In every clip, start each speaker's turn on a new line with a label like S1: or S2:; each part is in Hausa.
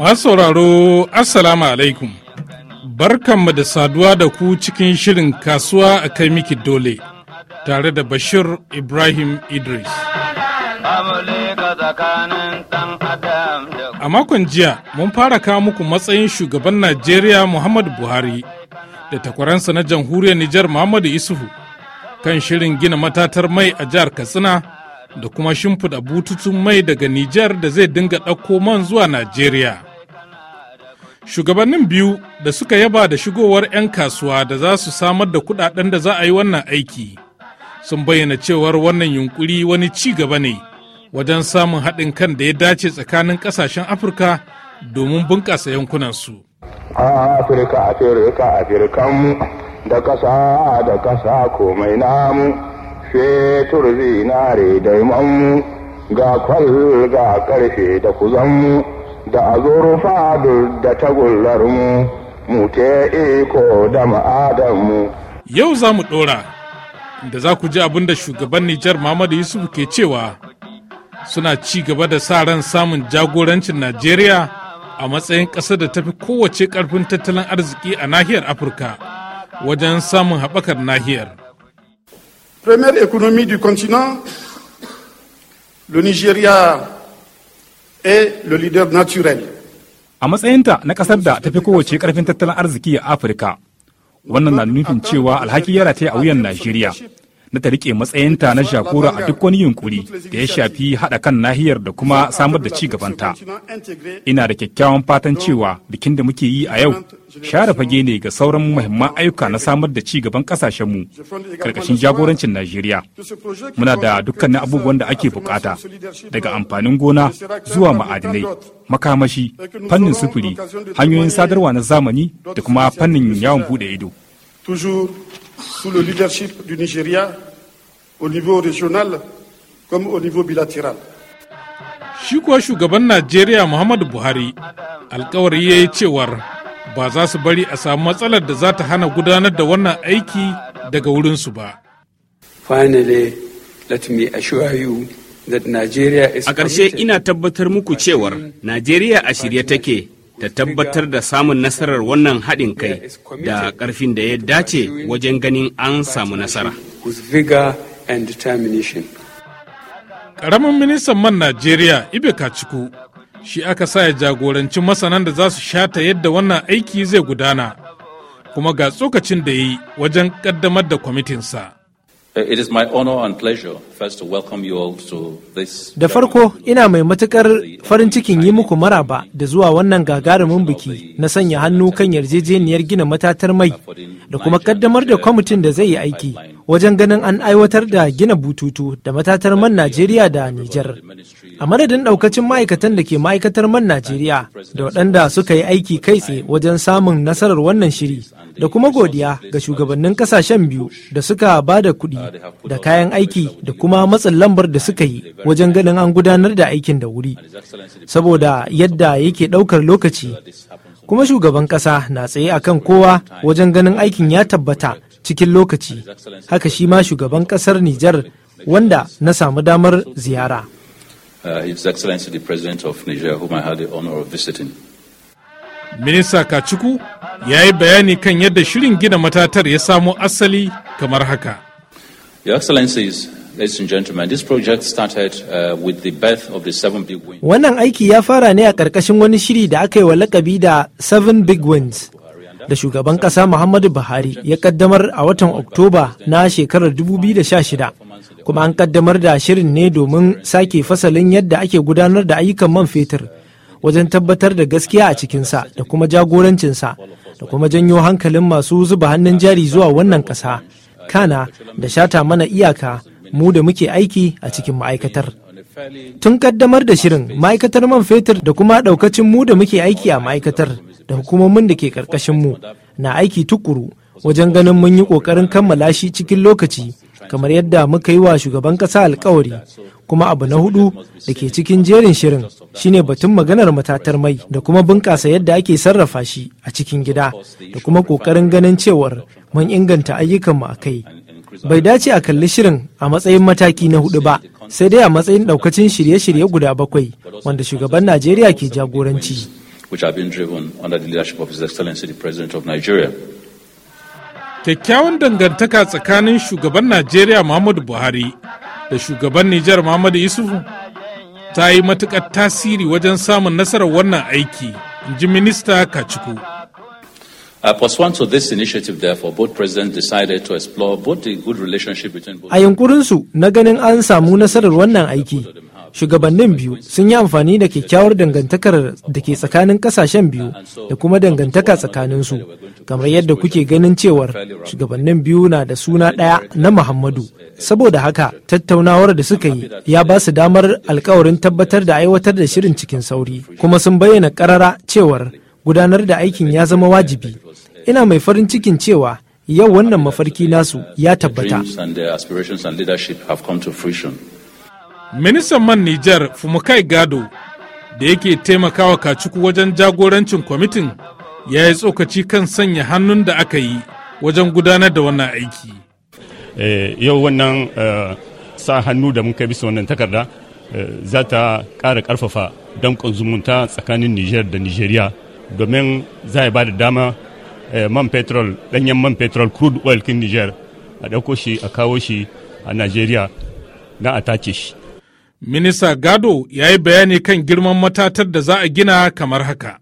S1: Masu sauraro Assalamu alaikum. Barkanmu da saduwa da ku cikin shirin kasuwa a kai miki dole tare da Bashir Ibrahim Idris. A makon jiya mun fara kawo muku matsayin shugaban Najeriya Muhammadu Buhari da takwaransa na jamhuriyar Nijar Muhammadu Isufu kan shirin gina matatar mai a jihar Katsina da kuma shimfida bututun mai daga Nijar da zai dinga ɗauko man zuwa Najeriya. Shugabannin biyu da suka yaba da shigowar 'yan kasuwa da za su samar da kudaden da za a yi wannan aiki sun bayyana cewar wannan yunkuri wani ci gaba ne wajen samun haɗin kan da ya dace tsakanin ƙasashen Afirka domin bunƙasa yankunansu.
S2: Afirka, Afirka, Afirkanmu da ƙasa da ƙasa komai namu, fetur zinare daimanmu ga kwallo ga ƙarfe da kuzanmu. da azurfa da tagullarmu mu ta iko da ma'adanmu. Yau za mu
S1: ɗora da za ku ji abin da shugaban Nijar Muhammadu Yusuf ke cewa suna ci gaba da sa ran samun jagorancin Najeriya a matsayin ƙasar da tafi kowace ƙarfin tattalin arziki a nahiyar Afirka wajen samun haɓakar nahiyar. Premier Economy du continent, le Nigeria le leader A matsayinta na ƙasar da tafi kowace ƙarfin tattalin arziki a Afirka, wannan na nufin cewa alhaki ya rataya a wuyan Najeriya na ta rike matsayinta na jagora a duk wani yunkuri da ya shafi haɗa kan nahiyar da kuma samar da ci gabanta. Ina da kyakkyawan fatan cewa bikin da muke yi a yau share fage ne ga sauran muhimman ayyuka na samar da ci gaban mu karkashin jagorancin Najeriya.
S3: Muna da dukkanin
S1: abubuwan da ake bukata daga amfanin gona zuwa ma'adinai, makamashi, fannin sufuri, hanyoyin sadarwa na zamani da kuma fannin yawon buɗe ido.
S2: toujours sous le
S1: leadership du Nigeria, au niveau régional comme au niveau bilatéral. Shi kuwa shugaban Najeriya Muhammadu Buhari alkawari ya yi cewar ba za su bari a samu matsalar da za ta hana gudanar da wannan aiki daga wurinsu ba. A ƙarshe ina tabbatar muku cewar Najeriya a shirye take ta tabbatar da samun nasarar wannan haɗin kai da ƙarfin da ya dace wajen ganin an samu nasara. Ƙaramin ministan man Najeriya Ibe Kaciku shi aka sa ya jagoranci masanan da za su shata yadda wannan aiki zai gudana, kuma ga tsokacin da yi wajen ƙaddamar da kwamitinsa.
S3: Da farko
S4: ina mai matukar farin cikin yi muku maraba da zuwa wannan gagarumin biki na sanya hannu kan yarjejeniyar gina matatar mai da kuma kaddamar da kwamitin da zai yi aiki wajen ganin an aiwatar da gina bututu da matatar man Najeriya da Nijar. a madadin daukacin ma'aikatan da ke ma'aikatar man najeriya da waɗanda suka yi aiki kai tsaye wajen samun nasarar wannan shiri da kuma godiya ga shugabannin kasashen biyu da suka ba da kuɗi da kayan aiki da kuma matsin lambar da suka yi wajen ganin an gudanar da aikin da wuri saboda yadda yake ɗaukar lokaci kuma shugaban ƙasa na tsaye akan kowa wajen ganin aikin ya tabbata cikin lokaci haka shi ma shugaban ƙasar nijar wanda na samu damar ziyara
S3: Uh, His Excellency the President of Niger, whom I had the honor of visiting.
S1: Minista Kachuku ya yi bayani kan yadda shirin gina matatar ya samo asali kamar haka.
S3: Your Excellencies, ladies and gentlemen, this project started uh, with the birth of the seven big wins.
S4: Wannan aiki ya fara ne a ƙarƙashin wani shiri da aka yi wa lakabi da Seven Big Wins, da shugaban kasa Muhammadu Buhari ya kaddamar a watan Oktoba na shekarar 2016 kuma an kaddamar da shirin ne domin sake fasalin yadda ake gudanar da ayyukan man fetur wajen tabbatar da gaskiya a cikinsa da kuma jagorancinsa da kuma janyo hankalin masu zuba hannun jari zuwa wannan kasa kana da shata mana iyaka mu da muke aiki a cikin ma'aikatar. tun kaddamar da shirin ma'aikatar man fetur da kuma ɗaukacin mu da muke aiki a ma'aikatar da hukumomin da ke mu na aiki tukuru wajen ganin mun yi ƙoƙarin kammala shi cikin lokaci kamar yadda muka yi wa shugaban ƙasa alkawari kuma abu na hudu da ke cikin jerin shirin shine batun maganar matatar mai da kuma bunƙasa yadda ake sarrafa shi a cikin gida da kuma ƙoƙarin ganin cewar mun inganta ayyukanmu a kai bai dace a kalli shirin a matsayin mataki na hudu ba sai dai a matsayin ɗaukacin shirye-shirye guda bakwai wanda shugaban najeriya ke jagoranci.
S3: which are being driven under the leadership of His Excellency the President of Nigeria.
S4: Kyakkyawan dangantaka tsakanin
S1: shugaban Najeriya Muhammadu Buhari da shugaban Nijar Muhammadu yusufu ta yi matuƙar tasiri wajen samun nasarar wannan aiki, in ji Minista Kaciku.
S3: Uh,
S4: A yankurinsu na ganin an samu nasarar wannan aiki, Shugabannin biyu sun yi amfani da kyakkyawar dangantakar da ke tsakanin kasashen biyu da kuma dangantaka tsakanin su kamar yadda kuke ganin cewar shugabannin biyu na da suna ɗaya na Muhammadu. Saboda haka, tattaunawar da suka yi ya ba su damar alkawarin tabbatar da aiwatar da shirin cikin sauri, kuma sun bayyana ƙarara cewar gudanar da aikin ya zama wajibi. Ina mai farin cikin cewa yau wannan mafarki nasu ya tabbata.
S1: ministan man nijar fumukai gado da yake taimakawa kacuku wajen jagorancin kwamitin ya yi tsokaci kan sanya hannun da aka yi wajen gudanar da wannan aiki eh, yau wannan eh, sa hannu da muka bisa wannan takarda eh, za ta ƙara ƙarfafa danƙon zumunta tsakanin nijar da nijeriya domin za ya ba da dama man petrol ɗanyen man petrol crude oil kin nijar a ɗauko shi a kawo shi a najeriya na a tace shi Minista Gado ya yi bayani kan girman matatar da za a gina kamar haka.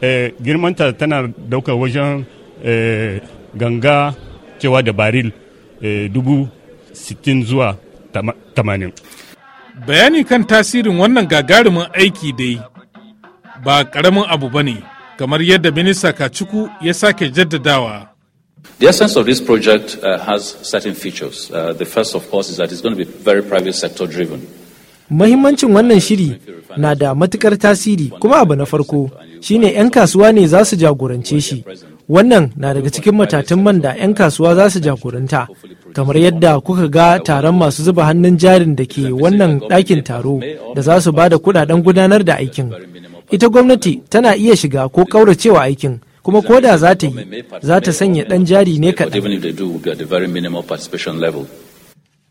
S1: Eh, girmanta tana dauka wajen eh, ganga cewa da baril eh, dubu sittin zuwa tamanin. Bayani kan tasirin wannan gagarumin aiki dai ba karamin abu ba ne, kamar yadda Minista Kacuku ya sake jaddadawa.
S3: The essence of this project uh, has certain features. Uh, the first, of course, is that it's going to be very private sector driven.
S4: Mahimmancin wannan shiri na da matukar tasiri kuma abu na farko shine 'yan kasuwa ne za su jagorance shi. Wannan na daga cikin matatan man da 'yan kasuwa za su jagoranta. Kamar yadda kuka ga taron masu zuba hannun jarin da ke wannan ɗakin taro da za su ba da kuɗaɗen gudanar da aikin. Ita gwamnati tana iya shiga ko ƙauracewa aikin. kuma ko da za ta yi za ta sanya ɗan jari ne kaɗan.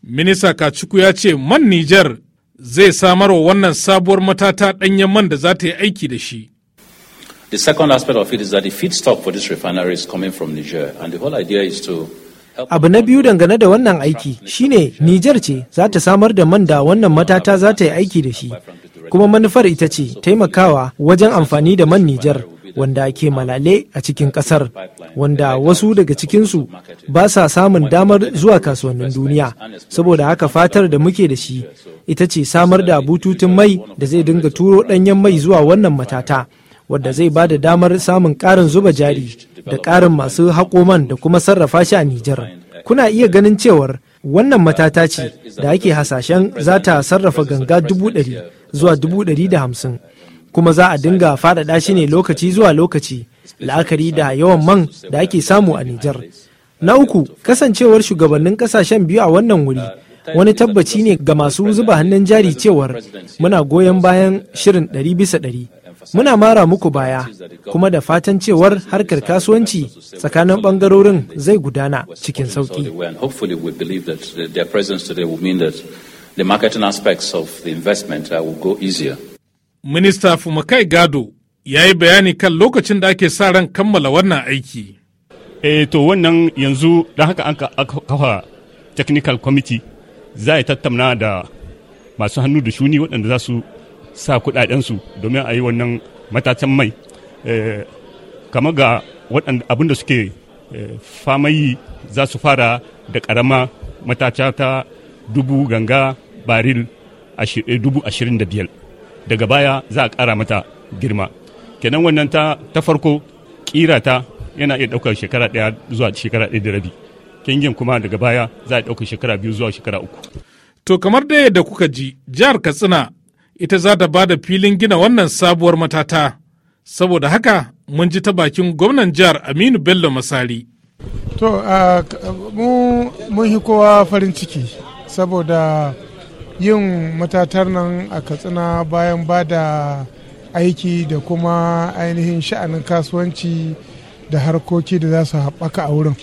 S1: Minista Kacuku ya ce man Nijar zai samar wa wannan sabuwar matata ɗanyen man da za ta yi aiki da shi. The second aspect of it
S3: is coming from Niger and the is to
S4: Abu na biyu dangane da wannan aiki shine Nijar ce za ta samar da man da wannan matata za ta yi aiki da shi. Kuma manufar ita ce taimakawa wajen amfani da man Nijar wanda ke malale a cikin kasar wanda wasu daga cikinsu ba sa samun damar zuwa kasuwannin duniya saboda haka fatar da muke da shi ita ce samar da bututun mai da zai dinga turo ɗanyen mai zuwa wannan matata wadda zai ba da damar samun ƙarin zuba jari da ƙarin masu haƙoman da kuma sarrafa shi a Nijar. Kuna iya ganin cewar wannan matata ce da ake hasashen za ta sarrafa ganga dubu ɗari zuwa dubu ɗari da hamsin kuma za a dinga faɗaɗa shi ne lokaci zuwa lokaci la'akari da yawan man da ake samu a Nijar. Na uku, kasancewar shugabannin ƙasashen biyu a wannan wuri wani tabbaci ne ga masu zuba hannun jari cewar muna goyon bayan shirin ɗari bisa ɗari. Muna mara muku baya kuma da fatan cewar harkar kasuwanci tsakanin ɓangarorin zai gudana cikin sauƙi.
S3: The marketing aspects of the investment uh, go easier.
S1: Minista Fumakai Gado ya yi bayani kan lokacin da ake sa ran kammala wannan aiki. e to wannan yanzu don haka an kafa technical committee za a tattauna da masu hannu da shuni waɗanda za su sa kuɗaɗensu domin a yi wannan matatan mai eh, kama ga waɗanda abin da suke eh, yi za su fara da ƙarama matacata ta dubu ganga baril dubu ashirin da biyar daga baya za a ƙara mata girma kenan wannan ta ta farko ƙira ta yana iya ɗaukar shekara ɗaya zuwa shekara ɗaya da rabi kengen kuma daga baya za a ɗauka shekara biyu zuwa shekara uku. To kamar da yadda kuka ji jihar Katsina ita za ta da filin gina wannan sabuwar matata saboda haka mun ji ta bakin gwamnan jihar Aminu Bello Masari.
S2: To mun yi kowa farin ciki saboda yin matatar nan a katsina bayan ba da aiki da kuma ainihin sha'anin kasuwanci da harkoki da za su haɓaka a wurin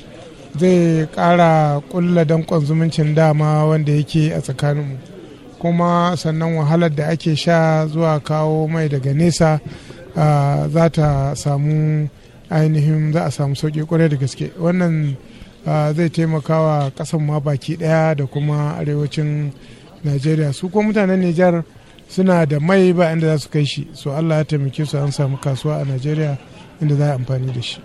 S2: zai ƙara ƙulla danƙon zumuncin dama wanda yake a tsakaninmu kuma sannan wahalar da ake sha zuwa kawo mai daga nesa za ta samu ainihin za a samu sauƙi ƙwarai da gaske wannan zai taimakawa wa ƙasan ma baki ɗaya da kuma arewacin najeriya su ko mutanen nijar suna da mai ba inda za su kai shi so allah ya taimake su an samu kasuwa a najeriya inda za a amfani da shi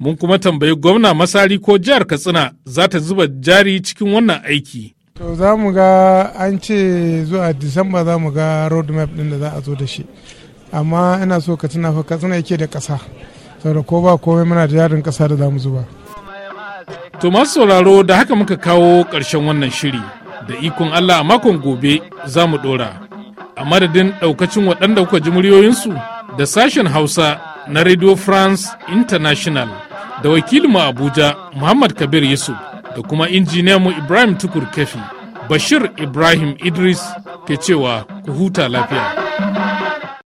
S1: mun kuma tambayi gwamna masari ko jihar katsina za ta zuba jari cikin wannan aiki
S2: to za mu ga an ce zuwa disamba za mu ga road map din da za a zo da shi amma ina so katsina fa katsina yake da kasa saboda ko ba komai muna da yarin kasa da za mu zuba
S1: to masu sauraro da haka muka kawo ƙarshen wannan shiri da ikon Allah a makon gobe za mu ɗora. A madadin ɗaukacin waɗanda kuka ji muryoyinsu da sashen Hausa na Radio France International da wakilinmu Abuja Muhammad Kabir Yusuf da kuma injiniyanmu Ibrahim Tukur Kefi, Bashir Ibrahim Idris ke cewa ku huta lafiya.